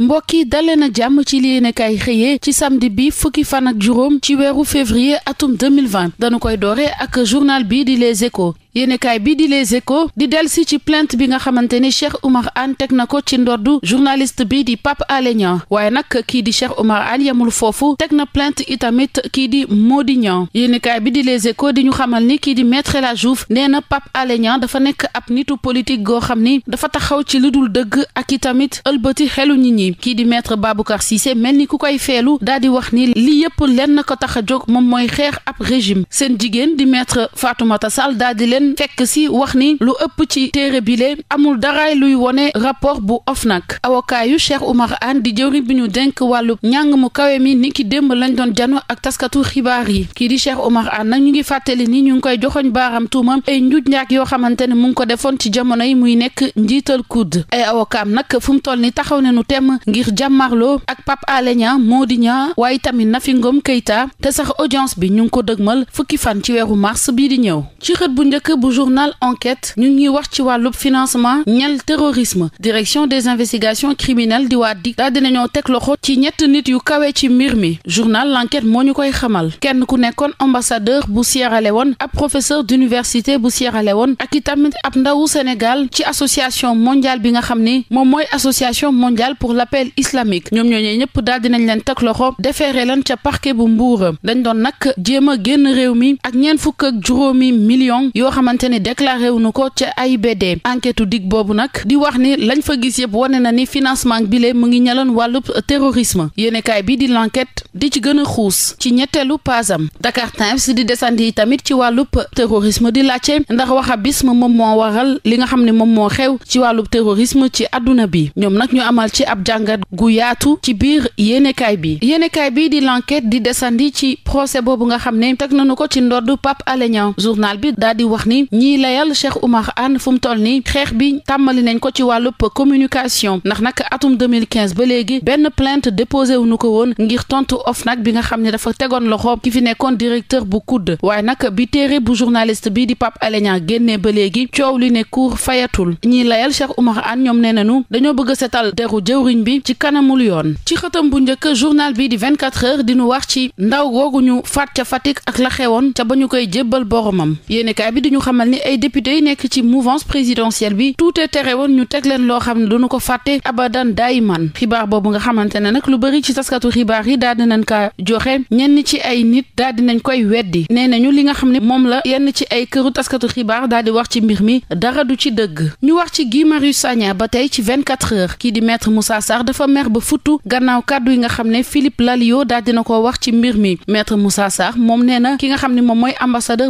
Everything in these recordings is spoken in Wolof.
mbokk yi dalee na jàmm ci li yéene kaay xëyee ci samedi bi fukki fan ak juróom ci weeru février atum 2020 dañu koy doore ak journal bii di Les Échos yéenekaay bi di Les ko di delsi ci plainte bi nga xamante ni Cheikh Oumar Anne teg na ko ci ndoddu journaliste bi di Pape Alé Niang waaye nag kii di Cheikh Oumar Anne yemul foofu teg na plainte itamit kii di Mody Niang yéenekaay bi di Les Échos di ñu xamal ni kii di Maître la Hadji Diouf nee na Pape Alé Niang dafa nekk ab nitu politique goo xam ni dafa taxaw ci lu dul dëgg ak itamit ëlbati xelu nit ñi kii di Maître Baboucar Cissé mel ni ku koy feelu daal di wax ni li yëpp lenn ko tax a jóg moom mooy xeex ab régime seen jigéen di Maître Fatoumata Sall leen fekk si wax ni lu ëpp ci téere bile amul daraay luy wone rapport bu OFNAC avocat yu Cheikh Oumar Anne di jëwriñ bi ñu denk wàllu njàng mu kawe mi ni ki démb lañ doon jano ak taskatu xibaar yi kii di Cheikh Oumar Anne nag ñu ngi fàttali ni ñu ngi koy joxoñ baaram tuumam ay njuuj njaak yoo xamante ne mu ngi ko defoon ci jamono yi muy nekk njiital kudd ay awokaam nag fu mu toll ni taxaw ne nu temm ngir jàmmarloo ak Pape Alé moo di Niang waaye tamit Nafi Ngom Keïta te sax audience bi ñu ngi ko dëgmal fukki fan ci weeru mars bii di ñëw njëkk bu journal enquête ñu ngi wax ci wàllub financement ñel terrorisme direction des investigations criminelles di waa DIC daal dinañoo teg ci ñett nit yu kawee ci mbir mi journal l'enquête moo ñu koy xamal kenn ku nekkoon ambassadeur bu Sierra Leone ab professeur d'université bu Sierra Leone ak i tamit ab ndawu Sénégal ci association mondial bi nga xam ni moom mooy association mondiale pour l'appel islamique ñoom ñooñee ñëpp daal dinañ leen teg loxo defeere ca parquet bu Mbour dañ doon nag jéem a génn réew mi ak ñeent xamante ni déclaré wu nu ko ca di wax ni lañ fa gis yëpp wane na ni financement bile mu ngi ñaloon wàllub terrorisme yéenekaay bi di l'enquête di ci gën a xuus ci ñetteelu paasam Dakar Times di desandi yi tamit ci wàllu wàllub terrorisme di laajte ndax wahhabisme moom moo waral li nga xam ne moom moo xew ci wàllub terrorisme ci àdduna bi ñoom nag ñu amal ci ab jàngat gu yaatu ci biir yéenekaay bi yéenekaay bi di l'enquête di desandi ci procès boobu nga xam ne teg nañu ko ci ndodd Pape Alé journal bi daal wax ni ñiy layal Cheikh Oumar Anne fu mu toll ni xeex bi tàmbali nañ ko ci wàllub communication ndax nag atum 2015 ba léegi benn plainte déposé wu ñu ko woon ngir tontu OFNAC bi nga xam ne dafa tegoon loxo ki fi nekkoon directeur bu kudd waaye nag bi téere bu journaliste bi di pap Alé Niang génnee ba léegi coow li ne cour fayatul ñiy layal Cheikh Oumar Anne ñoom nee nañu dañoo bëgg setal deru jëwriñ bi ci kanamul yoon ci xëtam bu njëkk journal bi di 24 heures di ñu wax ci ndaw googu ñu Fatick ak la xewoon ca ba ñu koy jébbal boromam yéenekaay ñu xamal ni ay député yu nekk ci mouvance présidentielle bi tuute tere woon ñu teg leen loo xam ne duñu ko fàtte abadan daayiman xibaar boobu nga xamante ne nag lu bari ci taskatu xibaar yi daal dinañ ka joxe ñenn ci ay nit daal dinañ koy weddi nee nañu li nga xam ne moom la yenn ci ay këru taskatu xibaar daal di wax ci mbir mi dara du ci dëgg ñu wax ci Guy Marius Sagna ba tey ci 24 heures kii di maître Moussa Sarr dafa mer ba futtu gannaaw kàddu yi nga xam ne Philippe Lalio daal dina ko wax ci mbir mi maître Moussa Sarr moom nee na ki nga xam ne moom mooy ambassadeur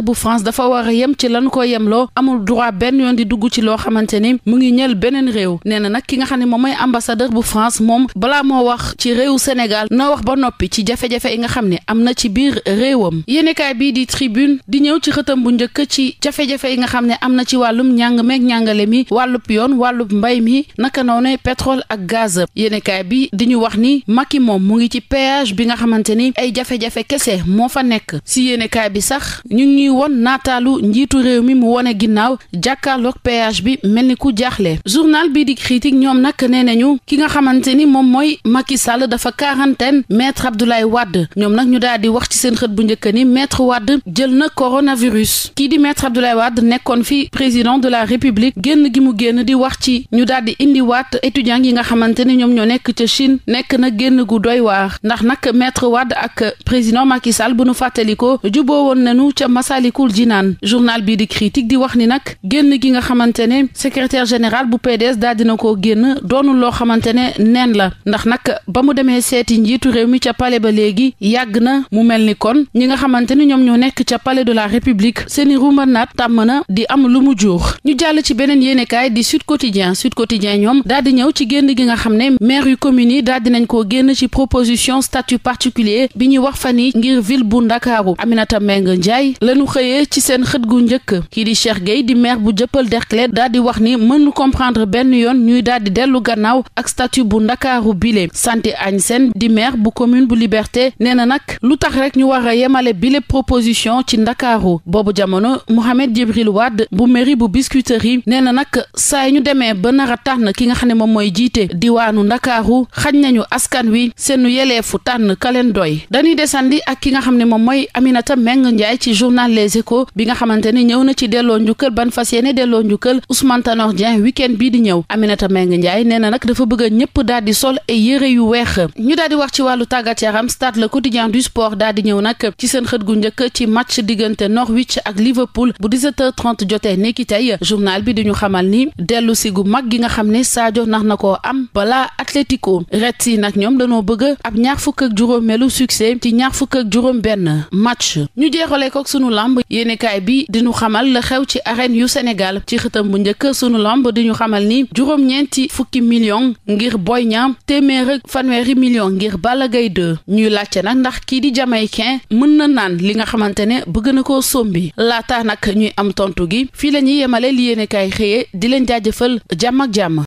a dañ ko yemloo amul droit benn yoon di dugg ci loo xamante ni mu ngi ñël beneen réew nee na nag ki nga xam ne moom mooy ambassadeur bu France moom balaa moo wax ci réew Sénégal na wax ba noppi ci jafe-jafe yi nga xam ne am na ci biir réewam yéenekaay bii di tribune di ñëw ci xëtam bu njëkk ci jafe yi nga xam ne am na ci wàllum njàng meeg njàngale mi wàllub yoon wàllub mbay mi naka noonu pétrole ak gaz yéenekaay bi di ñu wax ni Macky moom mu ngi ci péage bi nga xamante ni ay jafe-jafe kese moo fa nekk si yéenekaay bi sax ñu ngi won naataalu njiitu réew mi mu wone ginnaaw bi mel ni ku jaaxle journal bii di critique ñoom nag nee nañu ki nga xamante ni moom mooy Macky Sall dafa quarantaine maître Abdoulaye Wade ñoom nag ñu daal di wax ci seen xët bu njëkk ni maître Wade jël na coronavirus kii di maître Abdoulaye Wade nekkoon fi président de la république génn gi mu génn di wax ci ñu daal di indi waat étudiants yi nga xamante ni ñoom ñoo nekk ca Chine nekk na génn gu doy waar ndax nag maître Wade ak président Macky Sall bu nu fàttalikoo juboo woon nañu ca Masalikul Jinaan journal bi bii di critique di wax ni nag génn gi nga xamante ne secrétaire général bu PDS daal dina ko génn doonul loo xamante ne neen la ndax nag ba mu demee seeti njiitu réew mi ca pale ba léegi yàgg na mu mel ni kon ñi nga xamante ne ñoom ñoo nekk ca pale de la république seeni rumbanaat tàmm na di am lu mu juur ñu jàll ci beneen yéenekaay di Sud Quotidien Sud Quotidien ñoom daal di ñëw ci génn gi nga xam ne maire yu commune yi daal dinañ ko génn ci proposition statut particulier bi ñuy wax fan yi ngir ville bu Ndakaaru Aminata Mbengue Ndiaye lañu xëyee ñàkk kii di Cheikh Gueye di maire bu jëppal Derklé daal di wax ni mënu comprendre benn yoon ñuy daal di dellu gannaaw ak statut bu ndakaaru bile santé añ seen di maire bu commune bu Liberté nee na nag lu tax rek ñu war a yemale bile proposition ci ndakaaru boobu jamono Mouhamed Djibril Wade bu mairie bu Biscuiterie nee na nag saa ñu demee ba nar tànn ki nga xam ne moom mooy jiite diwaanu ndakaaru xañ nañu askan wi seenu yeleefu tànn kaleen doy dañuy desandi ak ki nga ñëw na ci delloo njukkal ban fas yéene delloo njukkal Ousmane Tanor Dieng week-end bii di ñëw Aminata Mbengue Ndiaye nee na nag dafa bëgg a ñëpp di sol ay yére yu weex ñu daal wax ci wàllu tàggat yaram stade le quotidien du sport daal di ñëw nag ci seen xët gu njëkk ci match diggante Norwich ak Liverpool bu 17h30 jotee nekki tey journal bi di ñu xamal ni dellu si gu mag gi nga xam ne saajo nax na ko am balaa Atlético Red si nag ñoom dañoo bëgg ab ñaar fukk ak juróomeelu succès ci ñaar fukk ak juróom benn match xamal la xew ci arène yu Sénégal ci xëtam bu njëkk sunu làmb di ñu xamal ni juróom-ñeenti fukki million ngir booy ñaam téeméer ak fanweeri million ngir Balla Gaye ñuy laajte nag ndax kii di jamaïcain mën na naan li nga xamante ne bëgg na ko sombi laata nag ñuy am tontu gi fii la ñuy yemale li yéene kaay di leen jaajëfal jàmm ak jàmm